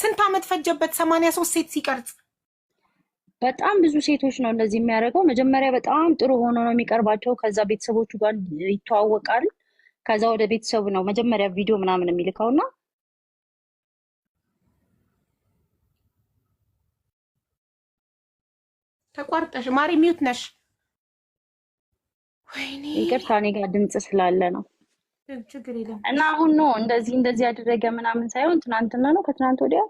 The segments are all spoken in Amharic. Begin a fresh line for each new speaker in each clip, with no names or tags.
ስንት ዓመት ፈጀበት? ሰማንያ ሶስት ሴት ሲቀርጽ
በጣም ብዙ ሴቶች ነው እንደዚህ የሚያደርገው። መጀመሪያ በጣም ጥሩ ሆኖ ነው የሚቀርባቸው። ከዛ ቤተሰቦቹ ጋር ይተዋወቃል። ከዛ ወደ ቤተሰቡ ነው መጀመሪያ ቪዲዮ ምናምን የሚልከው እና
ተቋርጠሽ ማሪ ሚዩት ነሽ።
ይቅርታ፣ እኔ ጋር ድምፅ ስላለ ነው። እና አሁን ነው እንደዚህ እንደዚህ ያደረገ ምናምን ሳይሆን ትናንትና ነው ከትናንት ወዲያ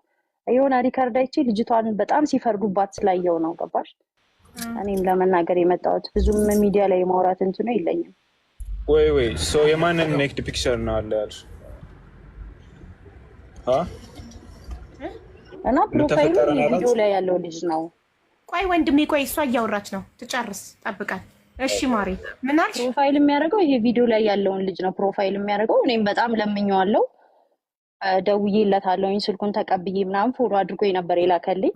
የሆነ ሪከርድ አይቼ ልጅቷን በጣም ሲፈርዱባት ስላየው ነው። ገባሽ? እኔም ለመናገር የመጣሁት ብዙም ሚዲያ ላይ የማውራት እንትኑ የለኝም።
ወይ ወይ ሶ የማንን ኔክድ ፒክቸር ነው አለ ያልሽ?
እና ፕሮፋይሉ ቪዲዮ ላይ ያለው ልጅ ነው።
ቆይ ወንድሜ፣ ቆይ እሷ እያወራች ነው። ትጨርስ፣ ጠብቃል እሺ ማሪ ምን አልሽ?
ፕሮፋይል የሚያደርገው ይሄ ቪዲዮ ላይ ያለውን ልጅ ነው ፕሮፋይል የሚያደርገው። እኔም በጣም ለምኜዋለሁ፣ ደውዬለታለሁኝ፣ ስልኩን ተቀብዬ ምናምን ፎሎ አድርጎ ነበር የላከልኝ።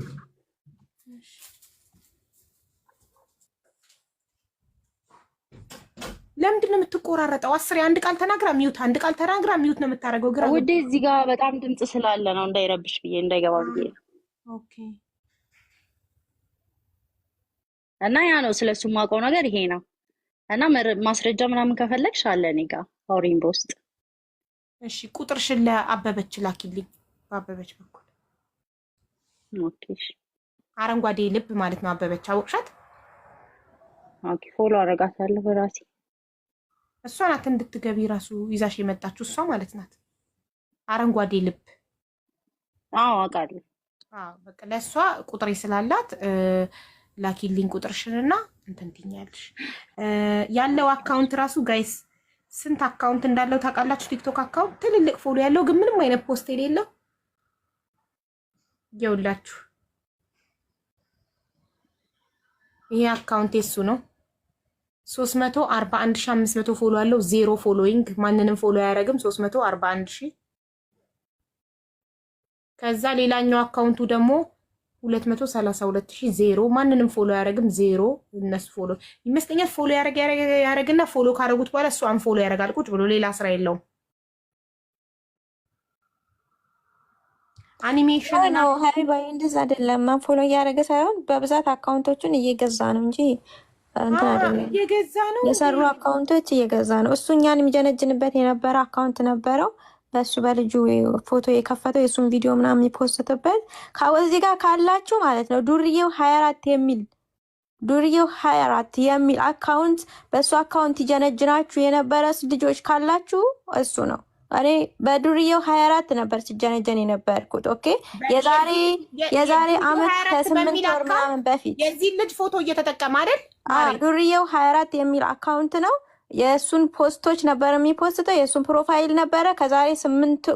ለምንድን ነው የምትቆራረጠው? አስሬ አንድ ቃል ተናግራ ሚዩት፣ አንድ ቃል ተናግራ ሚዩት ነው የምታደርገው።
ግራ ውዴ፣ እዚህ ጋር በጣም ድምፅ ስላለ ነው እንዳይረብሽ ብዬ እንዳይገባ ብዬ ነው። ኦኬ እና ያ ነው ስለሱ የማውቀው ነገር ይሄ ነው። እና ማስረጃ ምናምን ከፈለግሽ አለ እኔ ጋ አውሪኝ በውስጥ።
እሺ ቁጥርሽን ለአበበች ላኪልኝ በአበበች በኩል። አረንጓዴ ልብ ማለት ነው አበበች። አወቅሻት?
ፎሎ አረጋታለሁ በራሴ።
እሷ ናት እንድትገቢ ራሱ ይዛሽ የመጣችው እሷ ማለት ናት። አረንጓዴ ልብ
አዎ፣ አውቃለሁ።
በቃ ለእሷ ቁጥሬ ስላላት ላኪልኝ እና እንትን ትኛለሽ። ያለው አካውንት ራሱ ጋይስ ስንት አካውንት እንዳለው ታውቃላችሁ? ቲክቶክ አካውንት ትልልቅ ፎሎ ያለው ግን ምንም አይነት ፖስት የሌለው የውላችሁ። ይሄ አካውንት የሱ ነው። 341500 ፎሎ ያለው ዜሮ ፎሎዊንግ፣ ማንንም ፎሎ አያደርግም። 341000 ከዛ ሌላኛው አካውንቱ ደግሞ 232 ዜሮ ማንንም ፎሎ አያደርግም። ዜሮ እነሱ ፎሎ ይመስለኛል ፎሎ ያደረግና ፎሎ ካደረጉት በኋላ እሱ አንፎሎ ያደርጋል። ቁጭ ብሎ ሌላ ስራ የለውም። አኒሜሽን
ነው ሀሪባይ እንደዛ አይደለም። ፎሎ እያደረገ ሳይሆን በብዛት አካውንቶቹን እየገዛ ነው እንጂ
እንትን አይደለም። እየገዛ ነው
የሰሩ አካውንቶች እየገዛ ነው። እሱ እኛን የሚጀነጅንበት የነበረ አካውንት ነበረው በሱ በልጁ ፎቶ የከፈተው የሱን ቪዲዮ ምናምን የፖስትበት ከዚህ ጋር ካላችሁ ማለት ነው። ዱርዬው ሀያ አራት የሚል ዱርዬው ሀያ አራት የሚል አካውንት በእሱ አካውንት ይጀነጅናችሁ የነበረ ልጆች ካላችሁ እሱ ነው። እኔ በዱርዬው ሀያ አራት ነበር ሲጀነጀን የነበርኩት። ኦኬ የዛሬ የዛሬ አመት ከስምንት ወር ምናምን በፊት
የዚህ ልጅ ፎቶ እየተጠቀመ አይደል?
ዱርዬው ሀያ አራት የሚል አካውንት ነው። የእሱን ፖስቶች ነበር የሚፖስተው የእሱን ፕሮፋይል ነበረ።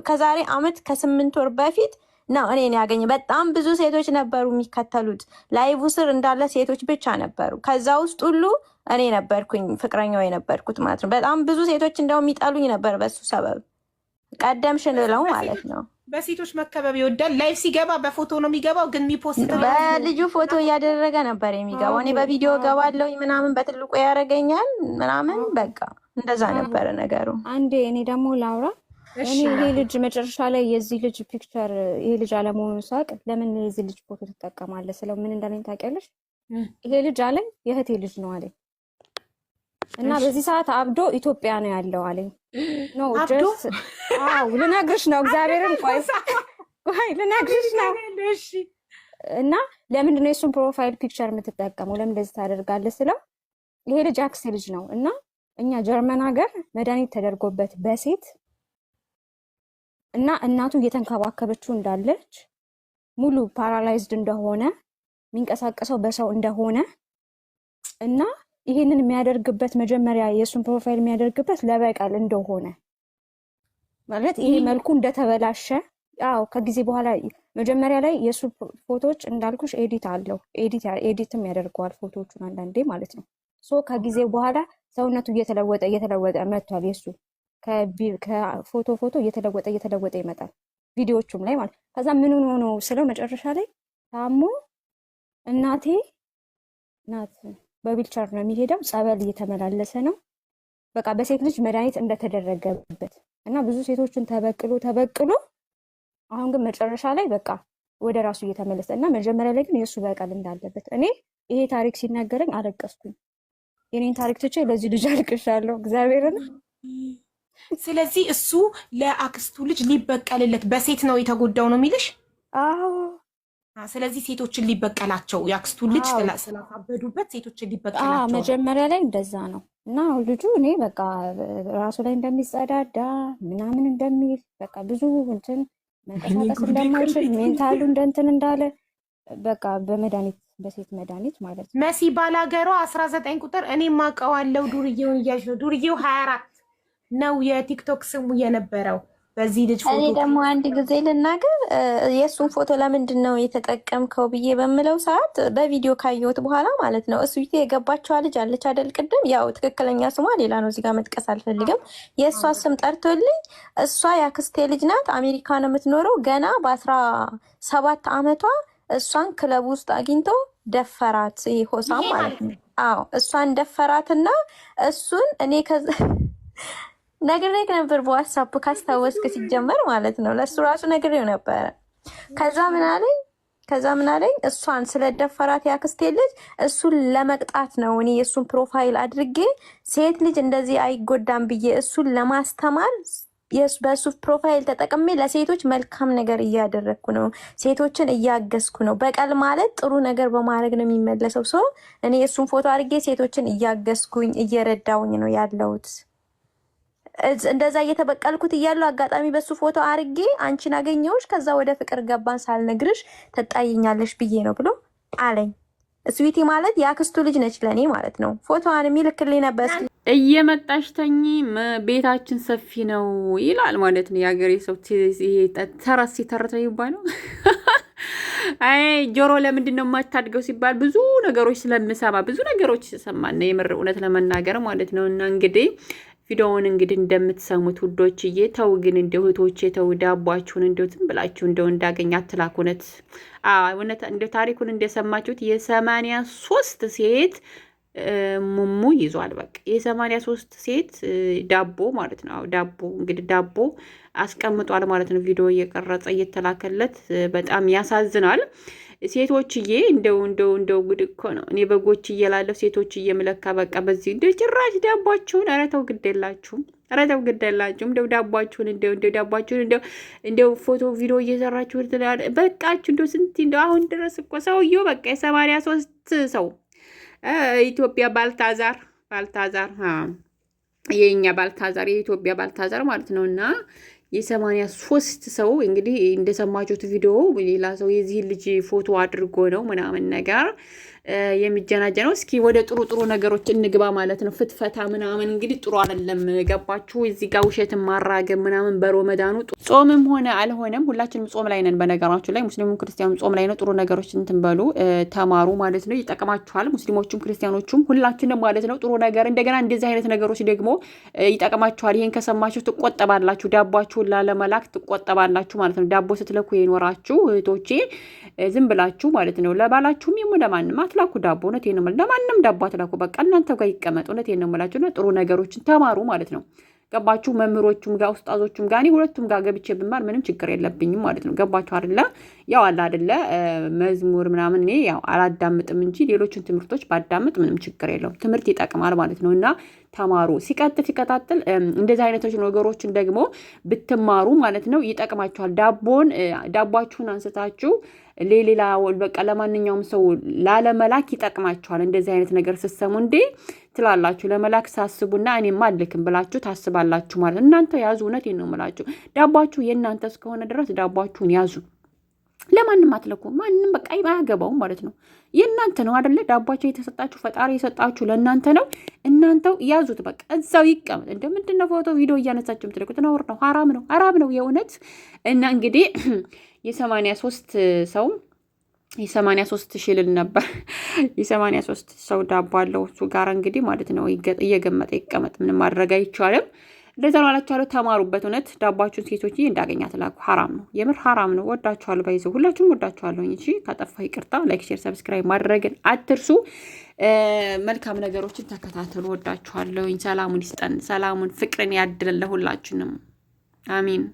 ከዛሬ አመት ከስምንት ወር በፊት ነው እኔን ያገኘ። በጣም ብዙ ሴቶች ነበሩ የሚከተሉት። ላይቭ ስር እንዳለ ሴቶች ብቻ ነበሩ። ከዛ ውስጥ ሁሉ እኔ ነበርኩኝ ፍቅረኛው የነበርኩት ማለት ነው። በጣም ብዙ ሴቶች እንደው የሚጠሉኝ ነበር በሱ ሰበብ። ቀደምሽን ብለው ማለት ነው።
በሴቶች መከበብ ይወዳል። ላይፍ ሲገባ በፎቶ ነው የሚገባው፣ ግን የሚፖስት
በልጁ ፎቶ እያደረገ ነበር የሚገባው። እኔ በቪዲዮ ገባለሁ ምናምን በትልቁ ያደረገኛል ምናምን፣ በቃ እንደዛ ነበረ ነገሩ። አንዴ እኔ ደግሞ ላውራ እኔ ይሄ ልጅ መጨረሻ ላይ የዚህ ልጅ ፒክቸር ይሄ ልጅ አለመሆኑ ሳቅ ለምን የዚህ ልጅ ፎቶ ትጠቀማለህ ስለው ምን እንደምን ታውቂያለሽ? ይሄ ልጅ አለኝ የእህቴ ልጅ ነው አለኝ እና በዚህ ሰዓት አብዶ ኢትዮጵያ ነው ያለው አለኝ ልነግርሽ ነው እግዚአብሔርን ቆይ ቆይ ልነግርሽ ነው እና ለምንድን ነው የእሱን ፕሮፋይል ፒክቸር የምትጠቀመው ለምን እንደዚህ ታደርጋለህ ስለው ይሄ ልጅ አክስ ልጅ ነው እና እኛ ጀርመን ሀገር መድኃኒት ተደርጎበት በሴት እና እናቱ እየተንከባከበችው እንዳለች ሙሉ ፓራላይዝድ እንደሆነ የሚንቀሳቀሰው በሰው እንደሆነ እና ይሄንን የሚያደርግበት መጀመሪያ የእሱን ፕሮፋይል የሚያደርግበት ለበቀል እንደሆነ ማለት ይሄ መልኩ እንደተበላሸ አዎ፣ ከጊዜ በኋላ መጀመሪያ ላይ የእሱ ፎቶዎች እንዳልኩሽ ኤዲት አለው። ኤዲትም ያደርገዋል ፎቶዎቹን አንዳንዴ ማለት ነው። ሶ ከጊዜ በኋላ ሰውነቱ እየተለወጠ እየተለወጠ መጥቷል። የእሱ ከፎቶ ፎቶ እየተለወጠ እየተለወጠ ይመጣል። ቪዲዮቹም ላይ ማለት ከዛ ምን ሆኖ ስለው መጨረሻ ላይ ታሞ እናቴ ናት በዊልቸር ነው የሚሄደው። ጸበል እየተመላለሰ ነው። በቃ በሴት ልጅ መድኃኒት እንደተደረገበት እና ብዙ ሴቶችን ተበቅሎ ተበቅሎ አሁን ግን መጨረሻ ላይ በቃ ወደ ራሱ እየተመለሰ እና መጀመሪያ ላይ ግን የእሱ በቀል እንዳለበት እኔ ይሄ ታሪክ ሲናገረኝ አለቀስኩኝ። የኔን ታሪክ ትቼ ለዚህ ልጅ አልቅሻለሁ እግዚአብሔርን።
ስለዚህ እሱ ለአክስቱ ልጅ ሊበቀልለት በሴት ነው የተጎዳው ነው የሚልሽ? አዎ ስለዚህ ሴቶችን ሊበቀላቸው ያክስቱ ልጅ
ስላሳበዱበት ሴቶችን ሊበቀላቸው መጀመሪያ ላይ እንደዛ ነው እና ልጁ እኔ በቃ ራሱ ላይ እንደሚጸዳዳ ምናምን እንደሚል በቃ ብዙ እንትን መንቀሳቀስ እንደማይችል ሜንታሉ እንደንትን እንዳለ በቃ በመድኃኒት በሴት መድኃኒት ማለት
ነው። መሲ ባላገሯ አስራ ዘጠኝ ቁጥር እኔ ማቀዋለው ዱርዬውን እያልሽ ነው። ዱርዬው ሀያ አራት ነው የቲክቶክ ስሙ የነበረው በዚህ ልጅ እኔ
ደግሞ አንድ ጊዜ ልናገር፣ የእሱን ፎቶ ለምንድን ነው የተጠቀምከው ብዬ በምለው ሰዓት በቪዲዮ ካየሁት በኋላ ማለት ነው። እሱ የገባቸዋ ልጅ አለች አደል? ቅድም ያው ትክክለኛ ስሟ ሌላ ነው፣ እዚጋ መጥቀስ አልፈልግም። የእሷ ስም ጠርቶልኝ፣ እሷ ያክስቴ ልጅ ናት፣ አሜሪካ ነው የምትኖረው። ገና በአስራ ሰባት አመቷ እሷን ክለብ ውስጥ አግኝቶ ደፈራት። ይሄ ሆሳም ማለት ነው። አዎ እሷን ደፈራትና እሱን እኔ ከዛ ነግሬህ ነበር በዋትሳፕ ካስታወስክ፣ ሲጀመር ማለት ነው። ለእሱ ራሱ ነግሬው ነበረ። ከዛ ምናለኝ ከዛ ምናለኝ እሷን ስለደፈራት ያክስቴ ልጅ እሱን ለመቅጣት ነው እኔ የእሱን ፕሮፋይል አድርጌ ሴት ልጅ እንደዚህ አይጎዳም ብዬ እሱን ለማስተማር በእሱ ፕሮፋይል ተጠቅሜ ለሴቶች መልካም ነገር እያደረግኩ ነው፣ ሴቶችን እያገዝኩ ነው። በቀል ማለት ጥሩ ነገር በማድረግ ነው የሚመለሰው ሰው። እኔ የእሱን ፎቶ አድርጌ ሴቶችን እያገዝኩኝ እየረዳውኝ ነው ያለሁት። እንደዛ እየተበቀልኩት እያሉ አጋጣሚ በሱ ፎቶ አርጌ አንቺን አገኘሁሽ፣ ከዛ ወደ ፍቅር ገባን፣ ሳልነግርሽ ተጣይኛለሽ ብዬ ነው ብሎ አለኝ። ስዊቲ ማለት የአክስቱ ልጅ ነች ለእኔ ማለት ነው። ፎቶዋን የሚልክልኝ ነበር።
እየመጣሽ ተኝ፣ ቤታችን ሰፊ ነው ይላል ማለት ነው የሀገሬ ሰው። ተረት ሲተረት ነው ይባለው። አይ ጆሮ ለምንድን ነው የማታድገው ሲባል ብዙ ነገሮች ስለምሰማ ብዙ ነገሮች ሰማና የምር እውነት ለመናገር ማለት ነው እና እንግዲህ ቪዲዮውን እንግዲህ እንደምትሰሙት ውዶችዬ ተው ግን እንደ እህቶቼ ተው ዳቧችሁን እንደው ዝም ብላችሁ እንደው እንዳገኝ አትላኩ። እውነት እውነት እንደ ታሪኩን እንደሰማችሁት የሰማንያ ሶስት ሴት ሙሙ ይዟል። በቃ የሰማንያ ሶስት ሴት ዳቦ ማለት ነው። ዳቦ እንግዲህ ዳቦ አስቀምጧል ማለት ነው። ቪዲዮ እየቀረጸ እየተላከለት በጣም ያሳዝናል። ሴቶችዬ እንደው እንደው እንደው ጉድ እኮ ነው። እኔ በጎች እየላለሁ ሴቶች የምለካ በቃ በዚህ እንደ ጭራሽ ዳቧችሁን ኧረ ተው ግድ የላችሁም እንደው ዳቧችሁን እንደው እንደው ዳቧችሁን እንደው እንደው ፎቶ ቪዲዮ እየሰራችሁ በቃችሁ። እንደው ስንት እንደው አሁን ድረስ እኮ ሰውዬው በቃ የሰማንያ ሶስት ሰው ኢትዮጵያ ባልታዛር ባልታዛር የኛ ባልታዛር የኢትዮጵያ ባልታዛር ማለት ነው እና የሰማንያ ሶስት ሰው እንግዲህ እንደሰማችሁት ቪዲዮ ሌላ ሰው የዚህ ልጅ ፎቶ አድርጎ ነው ምናምን ነገር የሚጀናጀነው። እስኪ ወደ ጥሩ ጥሩ ነገሮች እንግባ ማለት ነው። ፍትፈታ ምናምን እንግዲህ ጥሩ አይደለም። ገባችሁ? እዚህ ጋር ውሸትን ማራገብ ምናምን በሮመዳኑ ጾምም ሆነ አልሆነም ሁላችንም ጾም ላይ ነን። በነገራችሁ ላይ ሙስሊሙም ክርስቲያኑ ጾም ላይ ነው። ጥሩ ነገሮች እንትን በሉ ተማሩ ማለት ነው። ይጠቅማችኋል። ሙስሊሞቹም ክርስቲያኖቹም ሁላችንም ማለት ነው። ጥሩ ነገር እንደገና እንደዚህ አይነት ነገሮች ደግሞ ይጠቅማችኋል። ይህን ከሰማችሁ ትቆጠባላችሁ። ዳቧችሁን ላለመላክ ትቆጠባላችሁ ማለት ነው። ዳቦ ስትለኩ የኖራችሁ እህቶቼ ዝም ብላችሁ ማለት ነው ለባላችሁም ይሁን ለማንም አትላኩ ዳቦ። እውነቴን ነው የምላችሁ፣ ለማንም ዳቦ አትላኩ። በቃ እናንተ ጋር ይቀመጥ። እውነቴን ነው የምላችሁ። ጥሩ ነገሮችን ተማሩ ማለት ነው። ገባችሁ? መምህሮቹም ጋር ውስጣዞቹም ጋር እኔ ሁለቱም ጋር ገብቼ ብማር ምንም ችግር የለብኝም ማለት ነው። ገባችሁ አደለ ያው አለ አደለ መዝሙር ምናምን እኔ ያው አላዳምጥም እንጂ ሌሎችን ትምህርቶች ባዳምጥ ምንም ችግር የለው ትምህርት ይጠቅማል ማለት ነው እና ተማሩ። ሲቀጥል ሲቀጣጥል እንደዚህ አይነቶች ነገሮችን ደግሞ ብትማሩ ማለት ነው ይጠቅማችኋል። ዳቦን ዳቧችሁን አንስታችሁ ለሌላ በቃ ለማንኛውም ሰው ላለመላክ ይጠቅማችኋል። እንደዚህ አይነት ነገር ስትሰሙ እንዴ ትላላችሁ። ለመላክ ሳስቡና እኔም አልክም ብላችሁ ታስባላችሁ ማለት እናንተ ያዙ። እውነት ነው የምላችሁ፣ ዳቧችሁ የእናንተ እስከሆነ ድረስ ዳቧችሁን ያዙ። ለማንም አትለኩ። ማንም በቃ አያገባውም ማለት ነው። የእናንተ ነው አደለ? ዳቧቸው የተሰጣችሁ ፈጣሪ የሰጣችሁ ለእናንተ ነው። እናንተው ያዙት በቃ እዛው ይቀመጥ። እንደ ምንድን ነው ፎቶ ቪዲዮ እያነሳችሁ የምትልኩት ነውር ነው፣ ሀራም ነው፣ ሀራም ነው የእውነት እና እንግዲህ የሰማንያ ሶስት ሰው የሰማንያ ሶስት ሺህ ልል ነበር። የሰማንያ ሶስት ሰው ዳቦ አለው እሱ ጋር እንግዲህ ማለት ነው። እየገመጠ ይቀመጥ ምንም ማድረግ አይቻልም። እንደዛ ነው ተማሩበት። እውነት ዳባችሁን ሴቶች እንዳገኛ ትላኩ ሀራም ነው፣ የምር ሀራም ነው። ወዳችኋለሁ፣ ባይዘው ሁላችሁም ወዳችኋለሁ። እሺ ከጠፋ ይቅርታ። ላይክ፣ ሼር፣ ሰብስክራይብ ማድረግን አትርሱ። መልካም ነገሮችን ተከታተሉ። ወዳችኋለሁ። ሰላሙን ይስጠን፣ ሰላሙን ፍቅርን ያድለን ለሁላችንም። አሚን